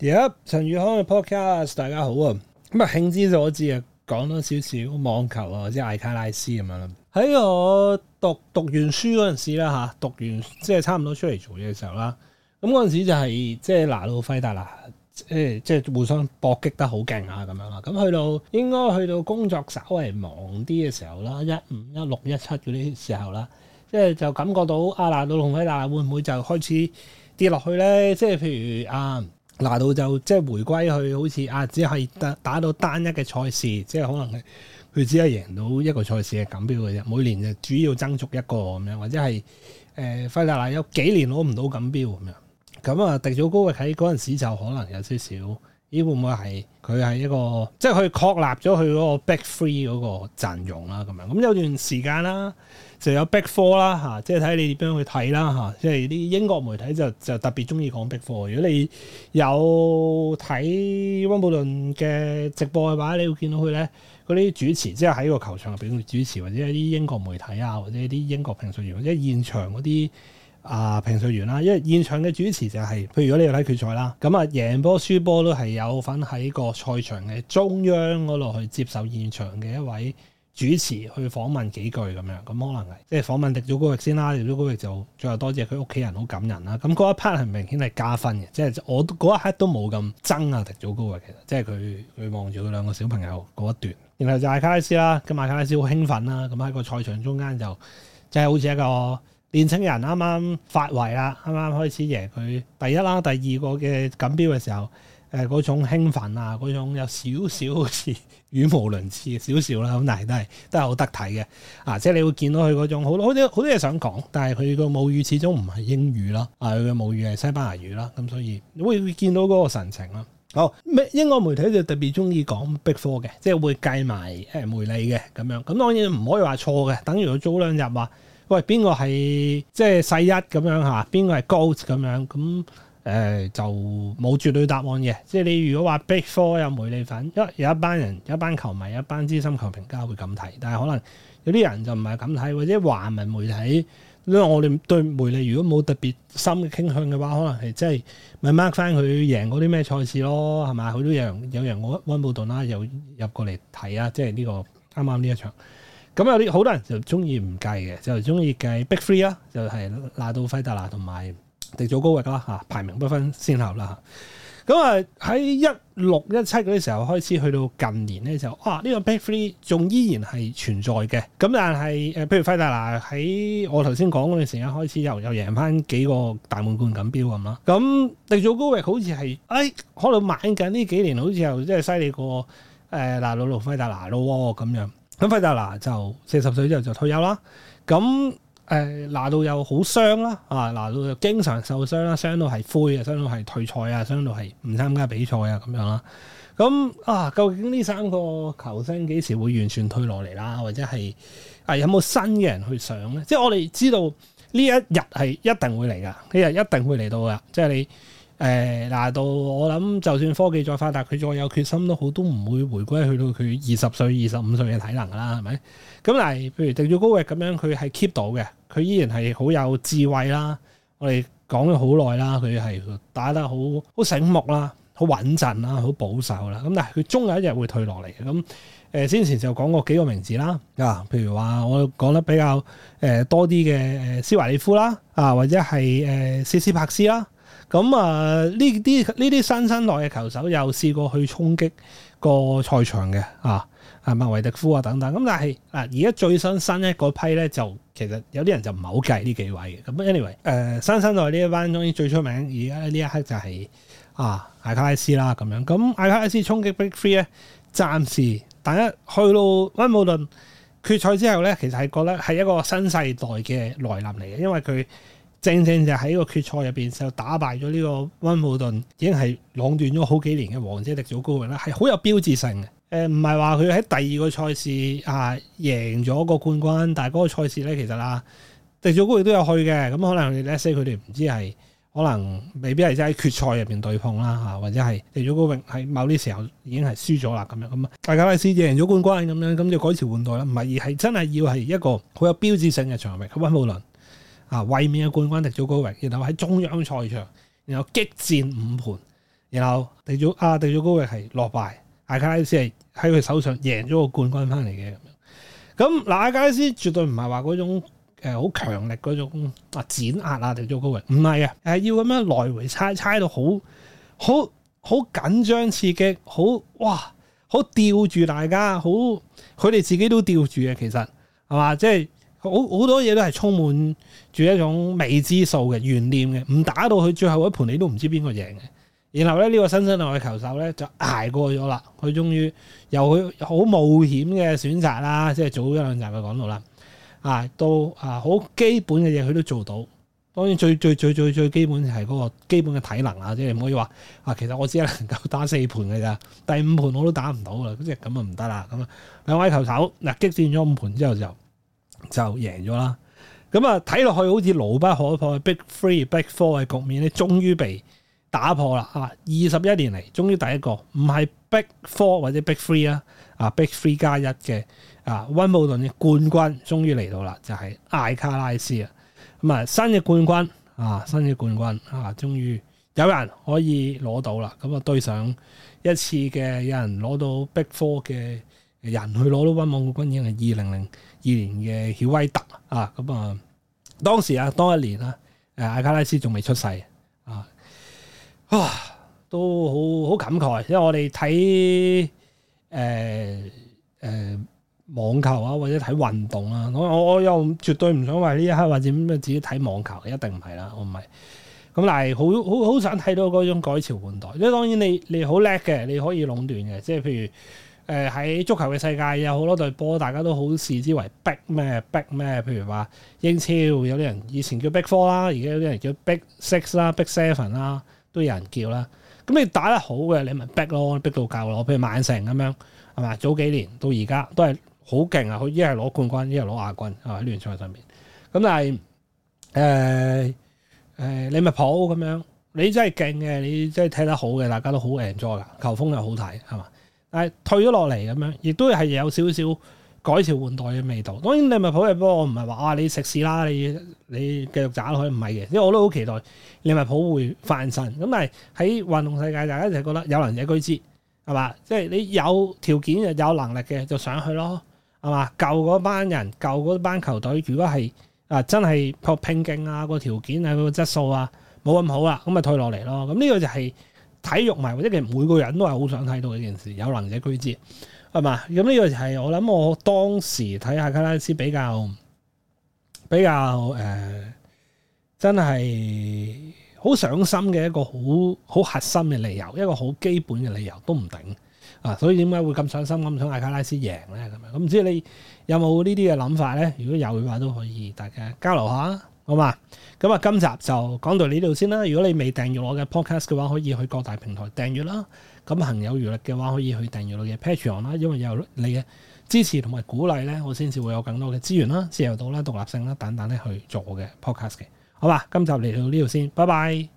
而家陳宇康嘅 podcast，大家好啊！咁啊，興之所至啊，講多少少網球啊，即係艾卡拉斯咁樣啦。喺我讀讀完書嗰陣時啦，吓、啊、讀完即係差唔多出嚟做嘢嘅時候啦。咁嗰陣時就係即係拿度費達拿，即係即係互相搏擊得好勁啊，咁樣啦。咁去到應該去到工作稍為忙啲嘅時候啦，一五一六一七嗰啲時候啦，即係就感覺到啊，拿度同費達拿會唔會就開始跌落去咧？即係譬如啊。嗱到就即係回歸去，好似啊，只係打打到單一嘅賽事，即係可能佢佢只係贏到一個賽事嘅錦標嘅啫。每年就主要爭逐一個咁樣，或者係誒費達拿有幾年攞唔到錦標咁樣，咁啊迪祖高域喺嗰陣時就可能有少少咦，會唔會係？佢係一個，即係佢確立咗佢嗰個 Big Three 嗰個陣容啦，咁樣，咁、嗯、有段時間啦，就有 Big Four 啦，嚇，即係睇你點樣去睇啦，嚇、啊，因為啲英國媒體就就特別中意講 Big Four。如果你有睇温布頓嘅直播嘅話，你會見到佢咧嗰啲主持，即係喺個球場入邊主持，或者係啲英國媒體啊，或者係啲英國評述員，或者現場嗰啲。啊，評述、呃、員啦，因為現場嘅主持就係、是，譬如如果你要睇決賽啦，咁啊贏波輸波都係有份喺個賽場嘅中央嗰度去接受現場嘅一位主持去訪問幾句咁樣，咁可能係即係訪問迪祖高域先啦，迪祖高域就最後多謝佢屋企人好感人啦，咁嗰一 part 係明顯係加分嘅，即係我嗰一刻都冇咁憎啊迪祖高域，其實即係佢佢望住佢兩個小朋友嗰一段，然後就係卡拉斯啦，咁啊卡拉斯好興奮啦，咁喺個賽場中間就即係好似一個。年青人啱啱發圍啦，啱啱開始贏佢第一啦，第二個嘅錦標嘅時候，誒、呃、嗰種興奮啊，嗰種有少少好似語無倫次少少啦，咁但係都係都係好得體嘅啊！即係你會見到佢嗰種好多好多好多嘢想講，但係佢個母語始終唔係英語咯，啊佢嘅母語係西班牙語啦，咁、啊、所以會見到嗰個神情啦。好、哦，咩英國媒體就特別中意講 Big Four 嘅，即係會計埋誒梅利嘅咁樣，咁當然唔可以話錯嘅，等於佢早兩日話。喂，邊個係即係世一咁樣嚇？邊個係高咁樣？咁誒、呃、就冇絕對答案嘅。即係你如果話 Big Four 有梅利粉，因有，有一班人、有一班球迷、有一班資深球評家會咁睇，但係可能有啲人就唔係咁睇，或者華文媒體，因為我哋對梅利如果冇特別深嘅傾向嘅話，可能係即係咪 mark 翻佢贏嗰啲咩賽事咯？係咪？好多人，有人有人我溫布頓啦，又入過嚟睇啊！即係呢、呢個啱啱呢一場。.咁有啲好多人就中意唔計嘅，就中意計 Big Three 啦，就係拿度費達拿同埋迪祖高域啦吓，排名不分先後啦吓。咁啊喺一六一七嗰啲時候開始，去到近年咧就啊呢、這個 Big Three 仲依然係存在嘅。咁但係誒，譬、呃、如費達拿喺我頭先講嗰陣時，一開始又又贏翻幾個大滿貫錦標咁啦。咁迪祖高域好似係誒，可能慢緊呢幾年好，好似又即係犀利過誒，拿魯魯費達拿咯咁樣。咁費達拿就四十歲之後就退休啦。咁誒拿度又好傷啦，啊拿度又經常受傷啦，傷到係灰啊，傷到係退賽啊，傷到係唔參加比賽啊咁樣啦。咁啊，究竟呢三個球星幾時會完全退落嚟啦？或者係啊有冇新嘅人去上咧？即係我哋知道呢一日係一定會嚟㗎，呢日一定會嚟到㗎。即係你。誒嗱、呃，到我諗，就算科技再發達，佢再有決心都好，都唔會回歸去到佢二十歲、二十五歲嘅體能啦，係咪？咁嗱，譬如迪祖高域咁樣，佢係 keep 到嘅，佢依然係好有智慧啦。我哋講咗好耐啦，佢係打得好、好醒目啦、好穩陣啦、好保守啦。咁但係佢終有一日會退落嚟嘅。咁、嗯、誒、呃、先前就講過幾個名字啦，啊，譬如話我講得比較誒、呃、多啲嘅誒斯華里夫啦，啊，或者係誒、呃、斯斯帕斯啦。啊。咁啊，呢啲呢啲新生代嘅球手又試過去衝擊個賽場嘅啊，阿麥維迪夫啊等等，咁、嗯、但係啊，而家最新新一個批咧，就其實有啲人就唔係好計呢幾位嘅。咁 anyway，誒新生代呢一班當然最出名，而家呢一刻就係、是、啊艾卡拉斯啦咁樣。咁、嗯、艾卡拉斯衝擊 Big Three 咧，暫時但係去到温布頓決賽之後咧，其實係覺得係一個新世代嘅來臨嚟嘅，因為佢。正正就喺個決賽入邊就打敗咗呢個温布頓，已經係壟斷咗好幾年嘅王者迪祖高域啦，係好有標誌性嘅。誒唔係話佢喺第二個賽事啊贏咗個冠軍，但係嗰個賽事咧其實啦，迪祖高域都有去嘅。咁、嗯、可能 let's say 佢哋唔知係可能未必係真喺決賽入邊對碰啦嚇、啊，或者係迪祖高域喺某啲時候已經係輸咗啦咁樣咁啊，大家贏咗冠軍咁樣咁就改朝換代啦。唔係而係真係要係一個好有標誌性嘅場面，温布頓，啊！衛冕嘅冠軍迪祖高榮，然後喺中央賽場，然後激戰五盤，然後迪祖啊，迪祖高榮係落敗，艾卡拉斯係喺佢手上贏咗個冠軍翻嚟嘅。咁、嗯，咁、啊、嗱，艾卡拉斯絕對唔係話嗰種誒好、呃、強力嗰種啊，碾、呃、壓啊，迪祖高榮唔係啊，係、呃、要咁樣來回猜猜到好好好緊張刺激，好哇，好吊住大家，好佢哋自己都吊住嘅，其實係嘛，即係。好好多嘢都係充滿住一種未知數嘅懸念嘅，唔打到佢最後一盤，你都唔知邊個贏嘅。然後咧呢，這個新生代球手咧就挨過咗啦，佢終於由佢好冒險嘅選擇啦，即係早一兩集嘅講到啦，啊到啊好基本嘅嘢佢都做到。當然最最最最最，最基本係嗰個基本嘅體能啊，即係唔可以話啊其實我只能夠打四盤嘅咋，第五盤我都打唔到啊，即係咁啊唔得啦，咁啊兩位球手嗱激戰咗五盤之後就就贏咗啦！咁啊，睇落去好似牢不可破，Big Three、Big Four 嘅局面咧，終於被打破啦！啊，二十一年嚟，終於第一個唔係 Big Four 或者 Big Three 啦，啊，Big Three 加一嘅啊，溫布頓嘅冠軍終於嚟到啦，就係艾卡拉斯啊！咁啊，新嘅冠軍啊，新嘅冠軍啊，終於有人可以攞到啦！咁啊，對上一次嘅有人攞到 Big Four 嘅。人去攞到溫網冠軍已經係二零零二年嘅曉威特啊，咁、嗯、啊，當時啊當一年啦，誒、啊，阿卡拉斯仲未出世啊，哇、啊，都好好感慨，因為我哋睇誒誒網球啊，或者睇運動啊，我我我又絕對唔想話呢一刻，或者咩自己睇網球一定唔係啦，我唔係，咁但係好好好想睇到嗰種改朝換代，因為當然你你好叻嘅，你可以壟斷嘅，即係譬如。誒喺足球嘅世界有好多隊波，大家都好視之為逼咩逼咩，譬如話英超有啲人以前叫 big four 啦，而家有啲人叫 big six 啦、big seven 啦，都有人叫啦。咁你打得好嘅，你咪逼咯，逼到夠咯。譬如曼城咁樣，係嘛？早幾年到而家都係好勁啊！佢一係攞冠軍，一係攞亞軍啊喺聯賽上面。咁但係誒誒，你咪抱咁樣。你真係勁嘅，你真係踢得好嘅，大家都好 enjoy 噶，球風又好睇，係嘛？誒退咗落嚟咁樣，亦都係有少少改朝換代嘅味道。當然利物浦嘅波，我唔係話啊你食屎啦，你你繼續打落去唔係嘅。因為我都好期待利物浦會翻身。咁但係喺運動世界，大家就覺得有能者居之，係嘛？即係你有條件、有能力嘅就上去咯，係嘛？舊嗰班人、舊嗰班球隊，如果係啊真係搏拼勁啊條、嗰個條件啊個質素啊冇咁好啦，咁咪退落嚟咯。咁、嗯、呢、呢個就係、是。體育迷或者其實每個人都係好想睇到呢件事，有能者居之係嘛？咁呢個係我諗我當時睇阿卡拉斯比較比較誒、呃，真係好上心嘅一個好好核心嘅理由，一個好基本嘅理由都唔定啊！所以點解會咁上心咁想阿卡拉斯贏咧？咁樣咁唔知你有冇呢啲嘅諗法咧？如果有嘅話都可以大家交流下。好嘛，咁啊，今集就講到呢度先啦。如果你未訂閱我嘅 podcast 嘅話，可以去各大平台訂閱啦。咁行有餘力嘅話，可以去訂閱我嘅 Patreon 啦。因為有你嘅支持同埋鼓勵咧，我先至會有更多嘅資源啦、自由度啦、獨立性啦等等咧去做我嘅 podcast 嘅。好嘛，今集嚟到呢度先，拜拜。